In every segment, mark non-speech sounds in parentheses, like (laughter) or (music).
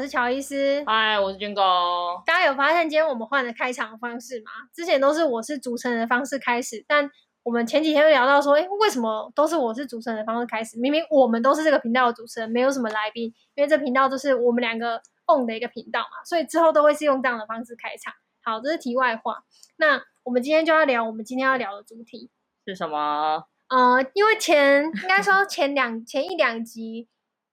我是喬伊斯。嗨，Hi, 我是 Junko。大家有發現今天我們換了開場的方式嗎？之前都是我是主持人的方式開始，但我們前幾天又聊到說，哎、欸，為什麼都是我是主持人的方式開始？明明我們都是這個頻道的主持人，沒有什麼來賓，因為這頻道就是我們兩個共的一個頻道嘛，所以之後都會是用這樣的方式開場。好，這是題外話。那我們今天就要聊我們今天要聊的主題是什麼？嗯、呃，因為前應該說前兩 (laughs) 前一兩集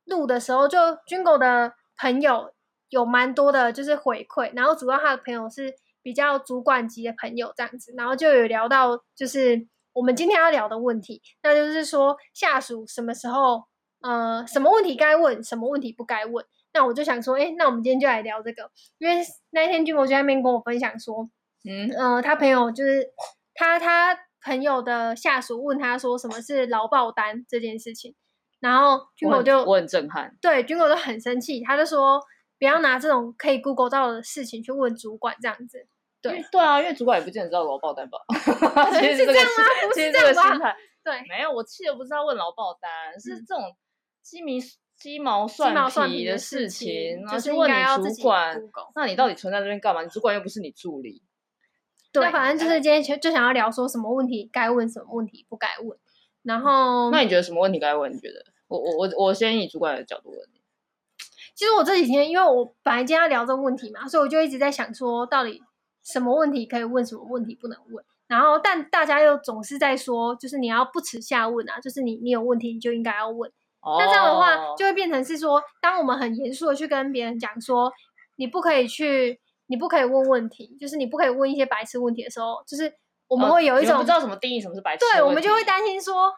錄的時候，就 Junko 的。朋友有蠻多的，就是回饋，然後主要他的朋友是比較主管級的朋友這樣子，然後就有聊到，就是我們今天要聊的問題，那就是說下屬什麼時候，呃，什麼問題該問，什麼問題不該問。那我就想說，哎，那我們今天就來聊這個，因為那天君博 (noise) 就在那邊跟我分享說，嗯，呃，他朋友就是他他朋友的下屬問他，說什麼是勞保單這件事情。然後軍狗就我很，我很震撼，對，軍狗就很生氣，他就說不要拿這種可以 Google 到的事情去問主管這樣子。對，對啊，因為主管也不見得知道勞保單吧、， (laughs) 這個、 (laughs) 是是吧？其實這個其實這個心態，對，沒有，我氣的不是問勞保單、嗯，是這種雞鳴雞，雞毛蒜皮的事情，就是要問你主管要，那你到底存在這邊幹嘛？你主管又不是你助理。對，對反正就是今天就就想要聊說什麼問題、哎、該問什麼問題不該問。然後，那你覺得什麼問題該問？你覺得，我我我我先以主管的角度問你。其實我這幾天，因為我本來今天要聊這個問題嘛，所以我就一直在想說，說到底什麼問題可以問，什麼問題不能問。然後，但大家又總是在說，就是你要不恥下問啊，就是你你有問題你就應該要問。Oh. 那這樣的話，就會變成是說，當我們很嚴肅的去跟別人講說，你不可以去，你不可以問問題，就是你不可以問一些白痴問題的時候，就是。我們會有一種、哦、不知道什麼定義什麼是白痴，對我們就會擔心說，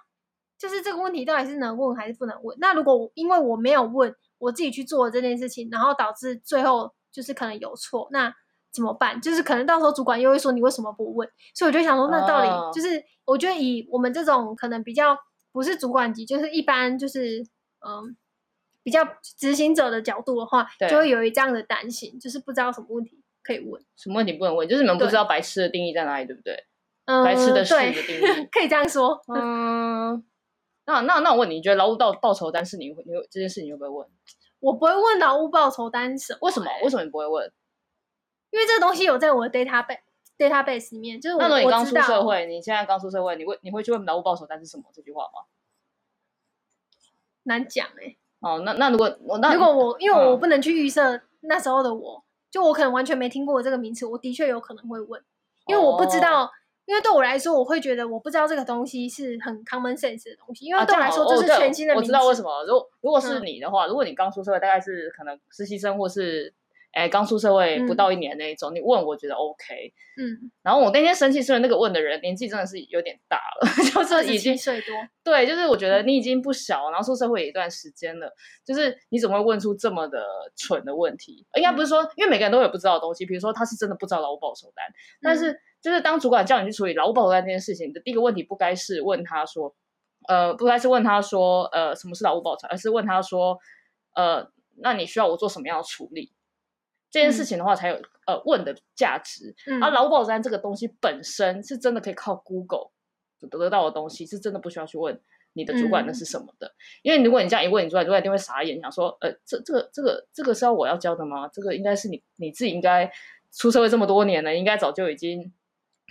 就是這個問題到底是能問還是不能問？那如果因為我沒有問，我自己去做了這件事情，然後導致最後就是可能有錯，那怎麼辦？就是可能到時候主管又會說，你為什麼不問？所以我就想說，那到底就是、哦、我覺得以我們這種可能比較不是主管級，就是一般就是嗯比較執行者的角度的話，就會有一這樣的擔心，就是不知道什麼問題可以問，什麼問題不能問，就是你們不知道白痴的定義在哪裡，對不對？白癡的事、嗯、可以這樣說。嗯，那那那我問你，你覺得勞務報報酬單是你會你會這件事情你會不會問？我不會問勞務報酬單是為什麼？為什麼你不會問？因為這個東西有在我的 data base data base 裡面。就是，那你剛出社會，你現在剛出社會，你會你會去問勞務，務報酬單是什麼這句話嗎？難講哎、欸。哦，那那如果我那如果我因為我不能去預設那時、哦、那時候的我，就我可能完全沒聽過這個名詞，我的確有可能會問，因為我不知道。因為對我來說，我會覺得我不知道這個東西是很 common sense 的東西。因為對我來說，啊哦、這是全新的。我知道為什麼。如果如果是你的話、嗯，如果你剛出社會，大概是可能實習生或是哎剛出社會不到一年那一種，嗯、你問我覺得 OK。嗯。然後我那天生氣是那個問的人年紀真的是有點大了，就是已經歲多。對，就是我覺得你已經不小，嗯、然後出社會也一段時間了，就是你怎麼會問出這麼的蠢的問題、嗯？應該不是說，因為每個人都有不知道的東西。比如說他是真的不知道勞務報酬單、嗯，但是。就是當主管叫你去處理勞務報酬這件事情的第一個問題不該是問他說，呃，不該是問他說，呃，什麼是勞務報酬，而是問他說，呃，那你需要我做什麼樣的處理？這件事情的話才有、嗯、呃，問的價值。而、嗯、勞、啊、務報酬這個東西本身是真的可以靠 Google 得得到的東西，是真的不需要去問你的主管那是什麼的、嗯。因為如果你這樣一問，你主管一定會傻眼，想說，呃，這這個這個這個是要我要教的嗎？這個應該是你你自己，應該出社會這麼多年了，應該早就已經。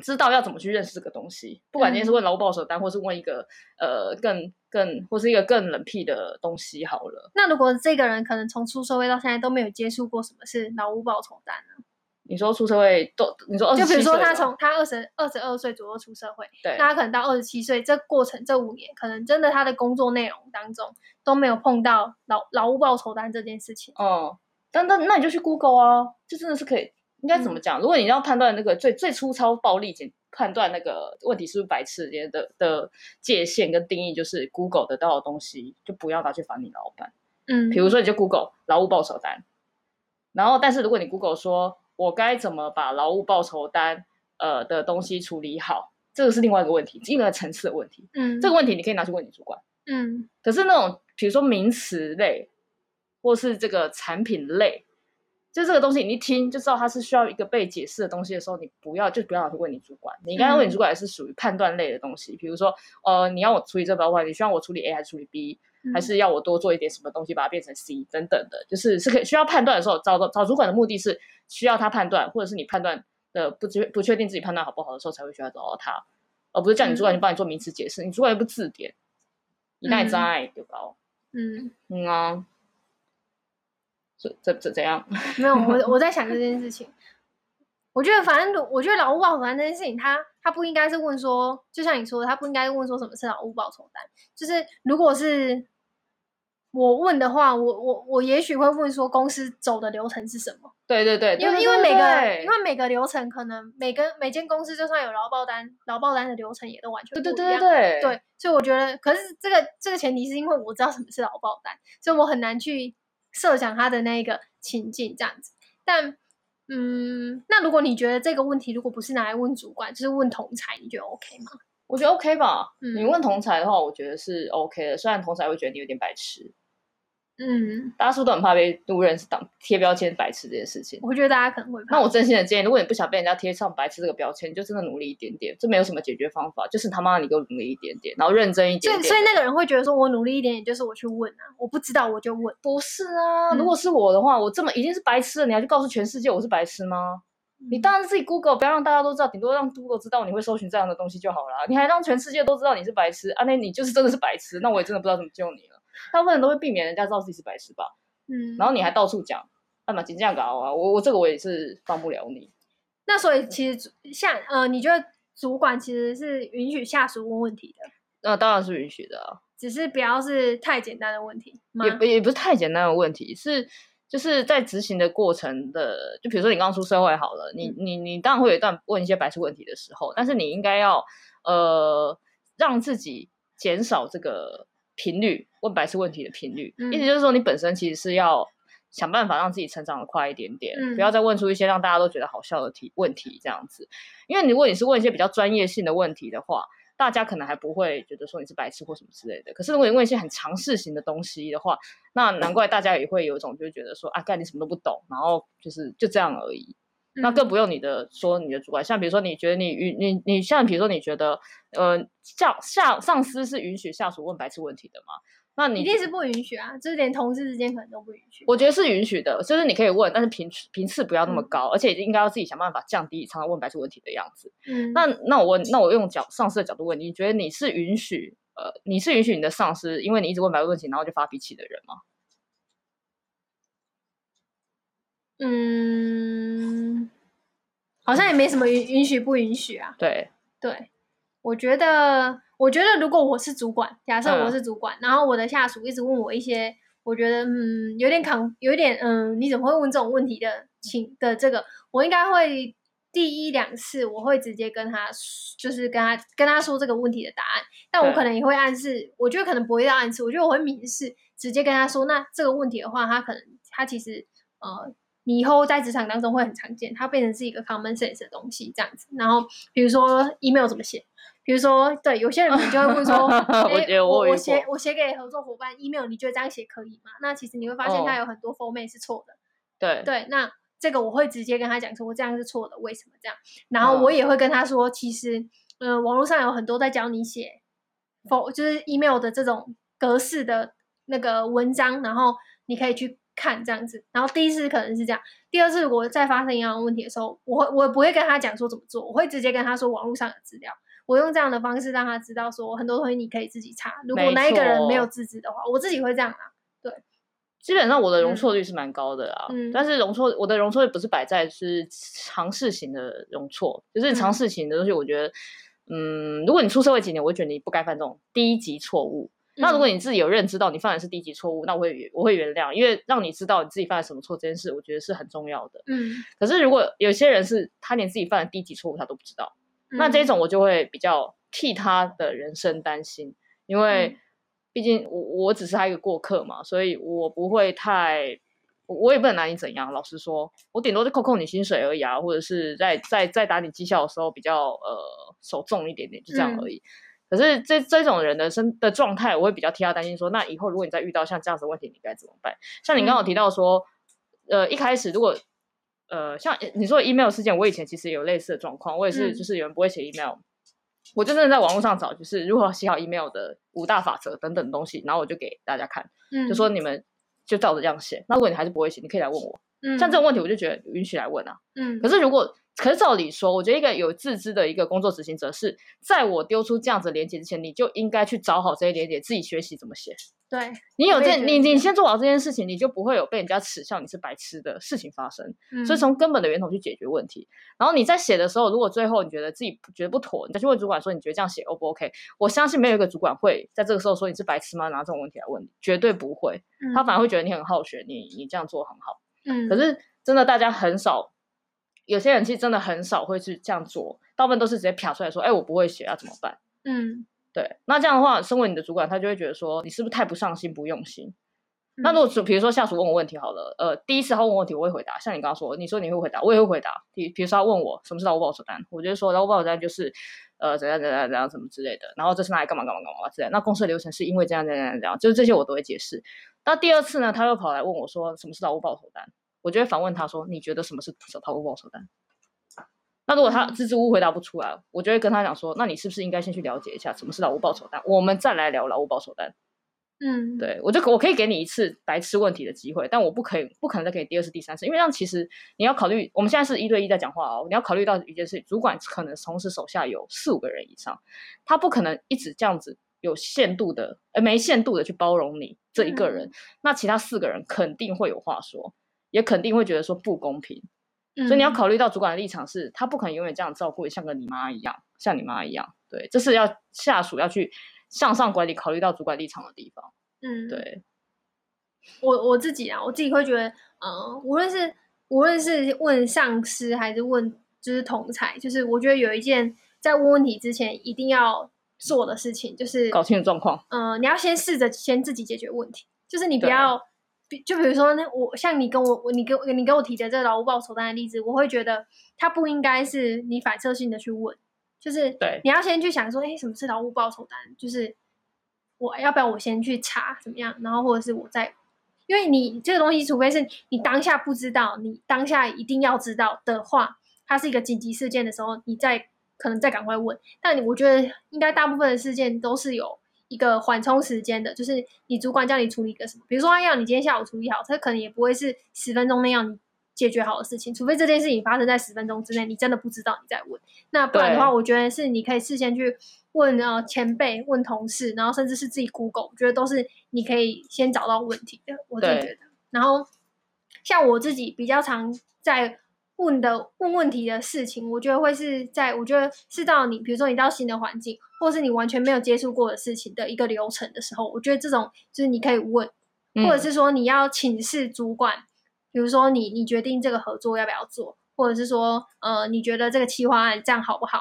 知道要怎麼去認識這個東西，不管今天是問勞務報酬單，嗯，或是問一個呃更更或是一個更冷僻的東西好了。那如果這個人可能從出社會到現在都沒有接觸過什麼是勞務報酬單呢？你說出社會都，你說就比如說他從他二十二十二歲左右出社會，對，那他可能到二十七歲這過程這五年，可能真的他的工作內容當中都沒有碰到勞勞務報酬單這件事情。哦，那那那你就去 Google 啊，這真的是可以。應該怎麼講？如果你要判斷那個最最粗糙暴力判斷那個問題是不是白痴的的,的界限跟定義，就是 Google 得到的東西就不要拿去煩你老板。嗯，比如說你就 Google 勞務報酬單，然後但是如果你 Google 說，我該怎麼把勞務報酬單呃的東西處理好，這個是另外一個問題，一個層次的問題。嗯，這個問題你可以拿去問你主管。嗯，可是那種比如說名詞類，或是這個產品類。就這個東西，你一聽就知道它是需要一個被解釋的東西的時候，你不要就不要去問你主管。你應該問你主管是屬於判斷類的東西，比、嗯、如說，呃，你要我處理這包的話，你需要我處理 A 還是處理 B，、嗯、還是要我多做一點什麼東西把它變成 C 等等的，就是是可以需要判斷的時候，找找主管的目的是需要他判斷，或者是你判斷的不確不確定自己判斷好不好的時候才會需要找到他，而不是叫你主管去幫、嗯、你，你做名詞解釋。你主管又不字典，你那張在丟包。嗯，嗯啊。這這這這樣？沒有，我我在想這件事情， (laughs) 我覺得反正我覺得勞務報酬單這件事情，他他不應該是問說，就像你說的，他不應該問說什麼是勞務報酬單。就是如果是我問的話，我我我也許會問說公司走的流程是什麼？對對對，因為因為每個，對對對對，因為每個因為每個流程可能每個每間公司就算有勞報單，勞報單的流程也都完全不一樣。對對對對對，對，所以我覺得，可是這個這個前提是因為我知道什麼是勞報單，所以我很難去。設想他的那個情境這樣子但，但嗯，那如果你覺得這個問題如果不是拿來問主管，就是問同才，你覺得 OK 嗎？我覺得 OK 吧。嗯、你問同才的話，我覺得是 OK 的，雖然同才會覺得你有點白痴。嗯，大家是不是都很怕被誤認是當貼標籤白痴這件事情？我覺得大家可能會。那我真心的建議，如果你不想被人家貼上白痴這個標籤，你就真的努力一點點。這沒有什麼解決方法，就是他媽你給我努力一點點，然後認真一點點。對，所以那個人會覺得說我努力一點點，就是我去問啊，我不知道我就問。不是啊，嗯，如果是我的話，我這麼已經是白痴了，你還去告訴全世界我是白痴嗎？嗯，你當然是自己 Google，不要讓大家都知道，頂多讓 Google 知道你會搜尋這樣的東西就好了。你還讓全世界都知道你是白痴啊？那你就是真的是白痴，那我也真的不知道怎麼救你了。大部分人都會避免人家知道自己是白痴吧？嗯，然後你還到處講，幹嘛這樣搞啊？我我這個我也是幫不了你。那所以其實、嗯、像呃，你覺得主管其實是允許下屬問問題的？那、呃、當然是允許的啊，只是不要是太簡單的問題，也也不是太簡單的問題，是就是在執行的過程的，就比如說你剛出社會好了，嗯、你你你當然會有一段問一些白痴問題的時候，但是你應該要呃讓自己減少這個。頻率，問白痴問題的頻率，嗯，意思就是說你本身其實是要想辦法讓自己成長的快一點點，嗯，不要再問出一些讓大家都覺得好笑的題問題這樣子。因為如果你是問一些比較專業性的問題的話，大家可能還不會覺得說你是白痴或什麼之類的。可是如果你問一些很常識型的東西的話，那難怪大家也會有種就覺得說，嗯，啊，幹你什麼都不懂，然後就是就這樣而已。那更不用你的說你的主觀，像比如說你覺得你你你你像比如說你覺得，呃，下下上司是允許下屬問白痴問題的嗎？那你一定是不允許啊，就是連同事之間可能都不允許。我覺得是允許的，就是你可以問，但是頻頻次不要那麼高，嗯、而且應該要自己想辦法降低常常問白痴問題的樣子。嗯，那那我問那我用角上司的角度問，你覺得你是允許呃你是允許你的上司，因為你一直問白痴問題，然後就發脾氣的人嗎？嗯，好像也沒什麼允允許不允許啊。對對，我覺得，我覺得如果我是主管，假設我是主管，嗯，然後我的下屬一直問我一些，我覺得嗯，有點扛，有點嗯，你怎麼會問這種問題的？請的這個，我應該會第一兩次，我會直接跟他，就是跟他跟他說這個問題的答案。但我可能也會暗示，我覺得可能不會到暗示，我覺得我會明示，直接跟他說，那這個問題的話，他可能他其實呃。你以後在職場當中會很常見，它變成是一個 common sense 的東西這樣子。然後，比如說 email 怎麼寫，比如說，對，有些人你就會問說， (laughs) 欸、我我，我，我寫我寫給合作夥伴 email，你覺得這樣寫可以嗎？那其實你會發現它有很多 format 是錯的。哦、對對，那這個我會直接跟他講說，我這樣是錯的，為什麼這樣？然後我也會跟他說，其實，呃，網絡上有很多在教你寫 for 就是 email 的這種格式的那個文章，然後你可以去。看這樣子，然後第一次可能是這樣，第二次我再發生一樣的問題的時候，我我不會跟他講說怎麼做，我會直接跟他說網絡上的資料，我用這樣的方式讓他知道說，很多東西你可以自己查。如果那一個人沒有資質的話，我自己會這樣啊。對，基本上我的容錯率是蠻高的啊，嗯、但是容錯我的容錯率不是擺在是常識型的容錯，就是常識型的東西，我覺得嗯，嗯，如果你出社會幾年，我覺得你不該犯這種低級錯誤。那如果你自己有認知到你犯的是低級錯誤，那我會我會原諒，因為讓你知道你自己犯了什麼錯這件事，我覺得是很重要的。嗯。可是如果有些人是他連自己犯的低級錯誤他都不知道，嗯，那這一種我就會比較替他的人生擔心，因為畢竟我我只是他一個過客嘛，所以我不會太，我，我也不能拿你怎樣。老實說，我頂多就扣扣你薪水而已啊，或者是在在在打你績效的時候比較呃手重一點點，就這樣而已。嗯。可是這這種人的身的狀態，我會比較替他擔心。說，那以後如果你再遇到像這樣子的問題，你該怎麼辦？像你剛剛有提到說、嗯，呃，一開始如果，呃，像你說的 email 事件，我以前其實有類似的狀況，我也是就是有人不會寫 email，、嗯、我就真的在網絡上找，就是如何寫好 email 的五大法則等等東西，然後我就給大家看、嗯，就說你們就照着這樣寫。那如果你還是不會寫，你可以來問我。嗯。像這種問題，我就覺得允許來問啊。嗯。可是如果可是照理說，我覺得一個有自知的一個工作執行者是在我丟出這樣子連接之前，你就應該去找好這些連接，自己學習怎麼寫。對，你有這，你你先做好這件事情，你就不會有被人家恥笑你是白痴的事情發生、嗯。所以從根本的源頭去解決問題。然後你在寫的時候，如果最後你覺得自己覺得不妥，你再去問主管說，你覺得這樣寫 O 不 OK？我相信沒有一個主管會在這個時候說你是白痴嗎？拿這種問題來問你，絕對不會。嗯、他反而會覺得你很好學，你你這樣做很好。嗯、可是真的，大家很少。有些人其實真的很少會去這樣做，大部分都是直接飄出來說，哎，我不會寫，要、啊、怎麼辦？嗯，對。那這樣的話，身為你的主管，他就會覺得說，你是不是太不上心、不用心？嗯、那如果比如說下屬問我問題，好了，呃，第一次他問我問題，我會回答。像你剛剛說，你說你會回答，我也會回答。比比如說他問我什麼是勞務報酬單，我就說勞務報酬單就是，呃，怎樣怎樣怎樣什麼之類的。然後這是拿來幹嘛幹嘛幹嘛之類的。那公司的流程是因為這樣這樣這樣，就這些我都會解釋。那第二次呢，他又跑來問我說什麼是勞務報酬單？我就會反問他說：“你覺得什麼是勞務報酬單？”那如果他支支吾吾回答不出來，我就會跟他講說：“那你是不是應該先去了解一下什麼是勞務報酬單？我們再來聊勞務報酬單。”嗯，對，我就，我可以給你一次白痴問題的機會，但我不可以，不可能再給你第二次、第三次，因為這其實你要考慮，我們現在是一對一在講話哦，你要考慮到一件事：主管可能同時手下有四五個人以上，他不可能一直這樣子有限度的、呃沒限度的去包容你這一個人，嗯，那其他四個人肯定會有話說。也肯定會覺得說不公平，嗯、所以你要考慮到主管的立場是，是他不可能永遠這樣照顧，像個你媽一樣，像你媽一樣。對，這是要下屬要去向上管理，考慮到主管立場的地方。嗯，對。我我自己啊，我自己會覺得，嗯、呃，無論是無論是問上司還是問就是同才，就是我覺得有一件在問問題之前一定要做的事情，就是搞清楚狀況。嗯、呃，你要先試着先自己解決問題，就是你不要。就比如說，那我像你跟我，我你給你給我提的這個勞務報酬單的例子，我會覺得他不應該是你反射性的去問，就是對，你要先去想說，哎、欸，什麼是勞務報酬單？就是我要不要我先去查怎麼樣？然後或者是我在，因為你這個東西，除非是你當下不知道，你當下一定要知道的話，它是一個緊急事件的時候，你再可能再趕快問。但我覺得應該大部分的事件都是有。一個緩衝時間的，就是你主管叫你處理一個什麼，比如說他要你今天下午處理好，他可能也不會是十分鐘內，要你解決好的事情，除非這件事情發生在十分鐘之內，你真的不知道你在問。那不然的話，我覺得是你可以事先去問啊、呃、前輩、問同事，然後甚至是自己 Google，我覺得都是你可以先找到問題的。我自己覺得，然後像我自己比較常在。問的問問題的事情，我覺得會是在我覺得是到你，比如說你到新的環境，或者是你完全沒有接觸過的事情的一個流程的時候，我覺得這種就是你可以問，或者是說你要請示主管，嗯、比如說你你決定這個合作要不要做，或者是說呃你覺得這個企劃案這樣好不好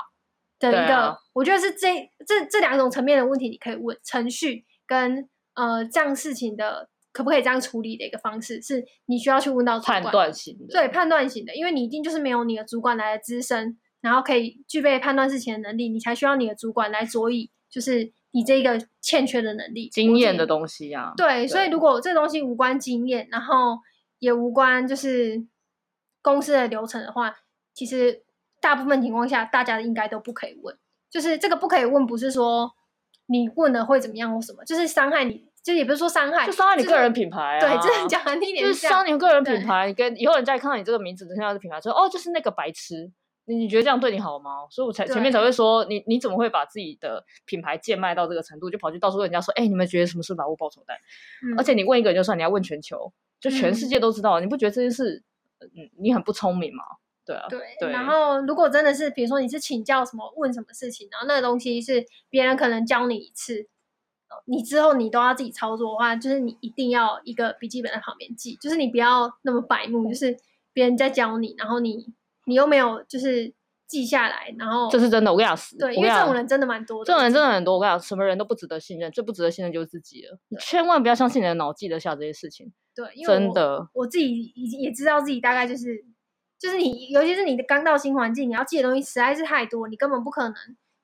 等一個，我覺得是這這這兩種層面的問題，你可以問程序跟呃這樣事情的。可不可以這樣處理的一個方式，是你需要去問到判斷型的，對判斷型的，因為你一定就是沒有你的主管來得資深，然後可以具備判斷事情的能力，你才需要你的主管來佐以，就是你這一個欠缺的能力、經驗的東西啊。對，對。所以如果這東西無關經驗，然後也無關就是公司的流程的話，其實大部分情況下大家應該都不可以問。就是這個不可以問，不是說你問了會怎麼樣或什麼，就是傷害你。就也不是說傷害，就傷害你個人品牌啊。這個、對，這很講難聽一點，就是傷害你個人品牌，跟以後人家看到你這個名字，聽到這品牌，說哦，就是那個白痴。你你覺得這樣對你好嗎？所以我才前面才會說，你你怎麼會把自己的品牌賤賣到這個程度，就跑去到處問人家說，哎、欸，你們覺得什麼是勞務報酬單、嗯。而且你問一個人就算，你要問全球，就全世界都知道。嗯、你不覺得這件事，嗯，你很不聰明嗎？對啊對。對。然後如果真的是，比如說你是請教什麼，問什麼事情，然後那個東西是別人可能教你一次。你之後你都要自己操作的話，就是你一定要一個筆記本在旁邊記，就是你不要那麼白目，就是別人在教你，然後你你又沒有就是記下來，然後這是真的，我跟你講，對，講，因為這種人真的蠻多的。這種人真的很多，我跟你講，什麼人都不值得信任，最不值得信任就是自己了，你千萬不要相信你的腦記得下這些事情，對，因為真的，我自己已經也知道自己大概就是就是你，尤其是你的剛到新環境，你要記的東西實在是太多，你根本不可能。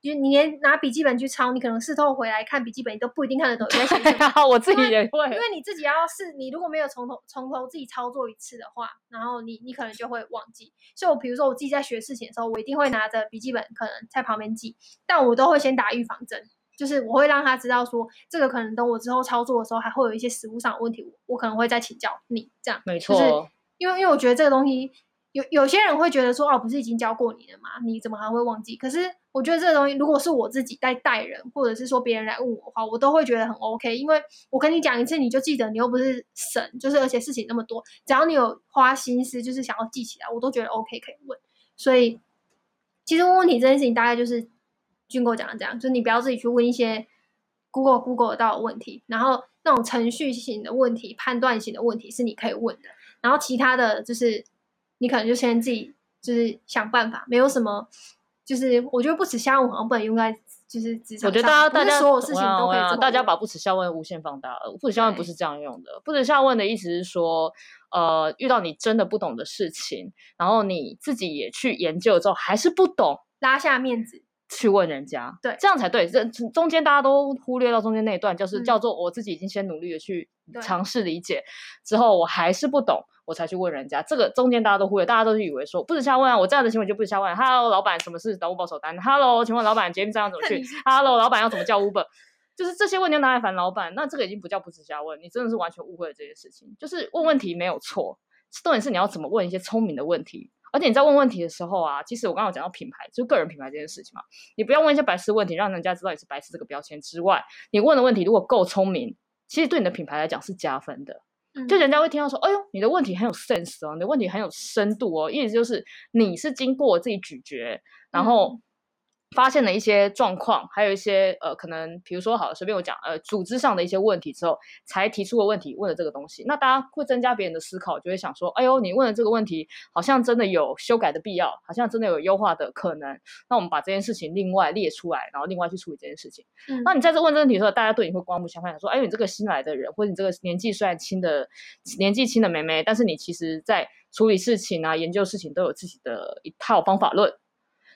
就是、你連拿筆記本去抄，你可能事後回來看筆記本，你都不一定看得懂。對啊， (laughs) 我自己也會。因為你自己要是你如果沒有從頭從頭自己操作一次的話，然後你你可能就會忘記。所以我比如說我自己在學事情的時候，我一定會拿着筆記本，可能在旁邊記。但我都會先打預防針，就是我會讓他知道說，這個可能等我之後操作的時候，還會有一些實務上的問題，我可能會再請教你這樣。沒錯。就是因為因為我覺得這個東西。有有些人會覺得說，哦，不是已經教過你了嗎？你怎麼還會忘記？可是我覺得這東西，如果是我自己在帶，帶人，或者是說別人來問我的話，我都會覺得很 OK。因為我跟你講一次，你就記得。你又不是神，就是而且事情那麼多，只要你有花心思，就是想要記起來，我都覺得 OK 可以問。所以，其實問問題這件事情，大概就是俊哥講的這樣，就是你不要自己去問一些 Google Google 得到的問題，然後那種程序型的問題、判斷型的問題是你可以問的，然後其他的就是。你可能就先自己就是想辦法，沒有什麼，就是我覺得不恥下問本應該就是，我覺得大家大家所有事情都可以，大家把不恥下問無限放大了。不恥下問不是這樣用的，不恥下問的意思是說，呃，遇到你真的不懂的事情，然後你自己也去研究之後還是不懂，拉下面子。去問人家，對，這樣才對。這中間大家都忽略到中間那一段，就是叫做我自己已經先努力的去嘗試理解、嗯，之後我還是不懂，我才去問人家。這個中間大家都忽略，大家都是以為說不恥下問啊，我這樣的行為就不恥下問、啊。Hello， (laughs) 老闆，什麼事？勞務報酬單。Hello，請問老闆，捷運站要怎麼去？Hello， (laughs) 老闆要怎麼叫 Uber？ (laughs) 就是這些問題，要拿來煩老闆，那這個已經不叫不恥下問，你真的是完全誤會了這件事情。就是問問題沒有錯，重點是你要怎麼問一些聰明的問題。而且你在問問題的時候啊，其實我剛剛有講到品牌，就是個人品牌這件事情嘛，你不要問一些白痴問題，讓人家知道你是白痴這個標籤之外，你問的問題如果夠聰明，其實對你的品牌來講是加分的、嗯，就人家會聽到說，哎呦，你的問題很有 sense 哦、啊，你的問題很有深度哦，意思就是你是經過自己咀嚼，嗯、然後。發現了一些狀況，還有一些呃，可能比如說好，隨便我講，呃，組織上的一些問題之後，才提出個問題，問了這個東西，那大家會增加別人的思考，就會想說，哎呦，你問了這個問題，好像真的有修改的必要，好像真的有優化的可能，那我們把這件事情另外列出來，然後另外去處理這件事情。嗯，那你在這問這問題的時候，大家對你會刮目相看，想說，哎呦，你這個新來的人，或者你這個年紀雖然輕的年紀輕的妹妹，但是你其實在處理事情啊、研究事情都有自己的一套方法論。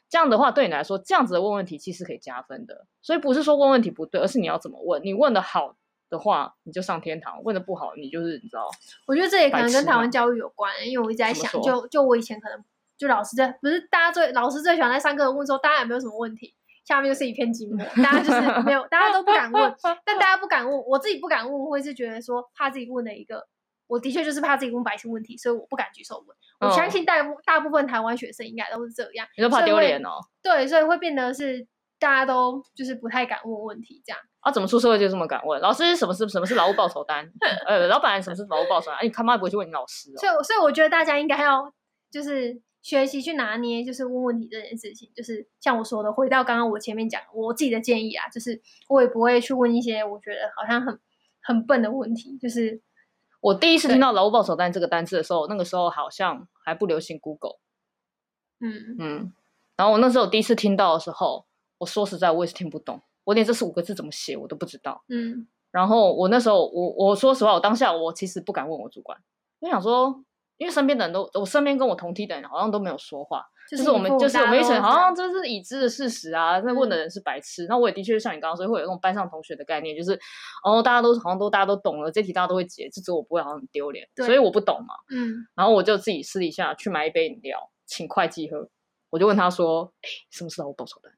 這樣的話對你來說，這樣子的問問題其實可以加分的。所以不是說問問題不對，而是你要怎麼問。你問的好的話，你就上天堂；問的不好，你就是你知道。我覺得這也可能跟台灣教育有關，因為我一直在想，就就我以前可能就老師在不是大家最老師最喜歡在上課問說，大家有沒有什麼問題？下面就是一片靜默， (laughs) 大家就是沒有，大家都不敢問。 (laughs) 但大家不敢問，我自己不敢問，會是覺得說怕自己問了一個。我的確就是怕自己問白痴問題，所以我不敢舉手問。我相信大部大部分台灣學生應該都是這樣。嗯、你都怕丟臉哦？對，所以會變得是大家都就是不太敢問問題這樣啊？怎麼出社會就這麼敢問？老師什麼是什麼是勞務報酬單？呃、 (laughs) 欸，老闆什麼是勞務報酬單？ (laughs) 欸老 (laughs) 酬單欸，你幹嘛不會去問你老師、哦。所以，所以我覺得大家應該要就是學習去拿捏，就是問問題這件事情。就是像我說的，回到剛剛我前面講我自己的建議啊，就是我也不會去問一些我覺得好像很很笨的問題，就是。我第一次聽到“勞務報酬單”這個單字的時候，那個時候好像還不流行 Google，嗯嗯，然後我那時候第一次聽到的時候，我說實在我也是聽不懂，我連這四五個字怎麼寫我都不知道，嗯，然後我那時候我我說實話，我當下我其實不敢問我主管，我想說。因為身邊的人都，我身邊跟我同梯的人好像都沒有說話，就是我們就是我們一好像這是已知的事實啊，那問的人是白痴。嗯，那我也的確像你剛剛說，會有那種班上同學的概念，就是哦，大家都好像都大家都懂了，這題大家都會解，至少我不會好像很丟臉，所以我不懂嘛。嗯，然後我就自己私底下去買一杯飲料，請會計喝，我就問他說，欸、什麼時候我報仇的？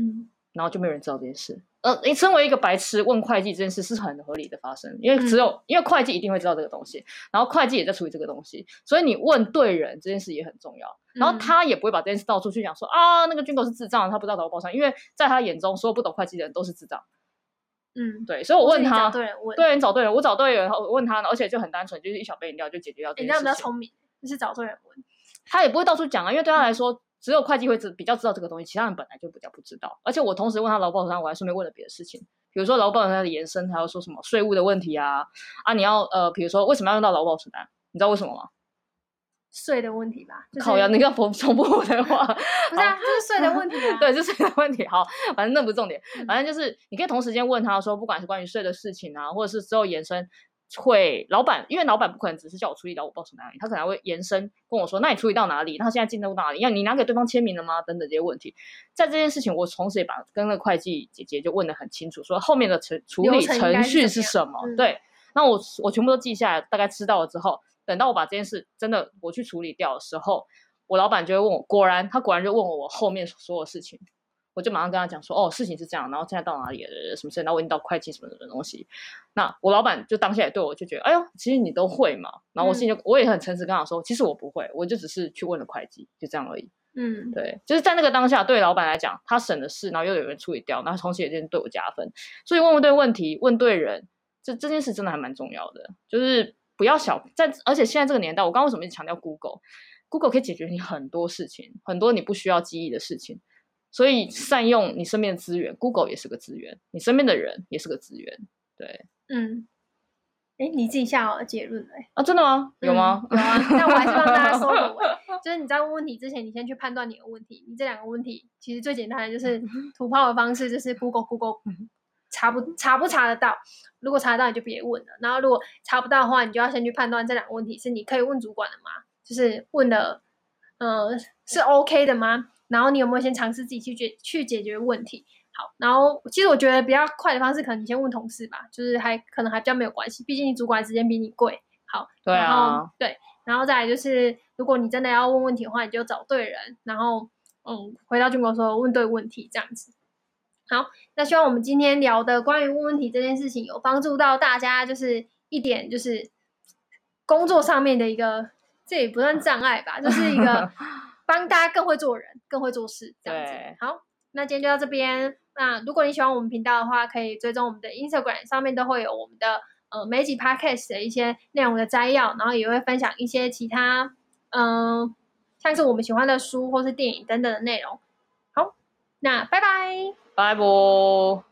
嗯，然後就沒有人知道這件事。你身為一個白痴，問會計這件事是很合理的發生，因為只有、嗯、因為會計一定會知道這個東西，然後會計也在處理這個東西，所以你問對人這件事也很重要、嗯。然後他也不會把這件事到處去講，說啊那個軍哥是智障，他不知道怎麼報帳，因為在他眼中所有不懂會計的人都是智障。嗯，對，所以我問他，對，人問對，你找對人，我找對人，我後問他呢，而且就很單純，就是一小杯飲料就解決掉這。這樣比較聰明，你是找對人問，他也不會到處講啊，因為對他來說。嗯只有會計會知比較知道這個東西，其他人本來就比較不知道。而且我同時問他勞報單，我還順便問了別的事情，比如說勞報單的延伸，還要說什麼稅務的問題啊啊，你要呃，比如說為什麼要用到勞報單？你知道為什麼嗎？稅的問題吧。考呀、就是，你要豐富我的話，不是 (laughs) 啊，就是稅的問題、啊、對就是稅的問題。好，反正那不是重點，反正就是你可以同時間問他說，不管是關於稅的事情啊，或者是之後延伸。會，老闆，因為老闆不可能只是叫我處理掉，我不知道從哪裡，他可能會延伸跟我說，那你處理到哪裡？他現在進度到哪裡？要你拿給對方簽名了嗎？等等這些問題，在這件事情，我同時也把跟那個會計姐姐就問得很清楚，說後面的程處理程序是什麼？麼。對，那我我全部都記下來，大概知道了之後，等到我把這件事真的我去處理掉的時候，我老闆就會問我，果然他果然就問我我後面所有事情。我就馬上跟他講說，哦，事情是這樣，然後現在到哪裡了，什麼事？然後我問到會計什麼的東西，那我老板就當下也對我就覺得，哎呦，其實你都會嘛。然後我心裡我也很誠實跟他說，其實我不會，我就只是去問了會計，就這樣而已。嗯，對，就是在那個當下，對老板來講，他省的事，然後又有人處理掉，然後同時也對對我加分。所以問問對問題，問對人，這這件事真的還蠻重要的，就是不要小在。而且現在這個年代，我剛剛為什麼一直強調 Google？Google Google 可以解決你很多事情，很多你不需要記憶的事情。所以善用你身邊的資源，Google 也是個資源，你身邊的人也是個資源，對，嗯，哎，你自己下好的結論了誒啊？真的嗎？嗯？有嗎？有啊， (laughs) 但我還是希望大家搜就是你在問問題之前，你先去判斷你的問題。你這兩個問題其實最簡單的就是土炮的方式，就是 Google，Google Google，查不查不查得到？如果查得到你就別問了，然後如果查不到的話，你就要先去判斷這兩個問題是你可以問主管的嗎？就是問的嗯、呃，是 OK 的嗎？然後你有沒有先嘗試自己去解去解決問題？好，然後其實我覺得比較快的方式，可能你先問同事吧，就是還可能還比較沒有關係，畢竟你主管時間比你貴。好，對、啊，然後對，然後再來就是，如果你真的要問問題的話，你就找對人，然後嗯，回到中國的時候問對問題這樣子。好，那希望我們今天聊的關於問問題這件事情，有幫助到大家，就是一點就是工作上面的一個，這也不算障礙吧，就是一個。 (laughs) 幫大家更會做人，更會做事，這樣子。好，那今天就到這邊。那如果你喜歡我們頻道的話，可以追蹤我們的 Instagram，上面都會有我們的呃每集 Podcast 的一些內容的摘要，然後也會分享一些其他嗯、呃、像是我們喜歡的書或是電影等等的內容。好，那拜拜，拜拜。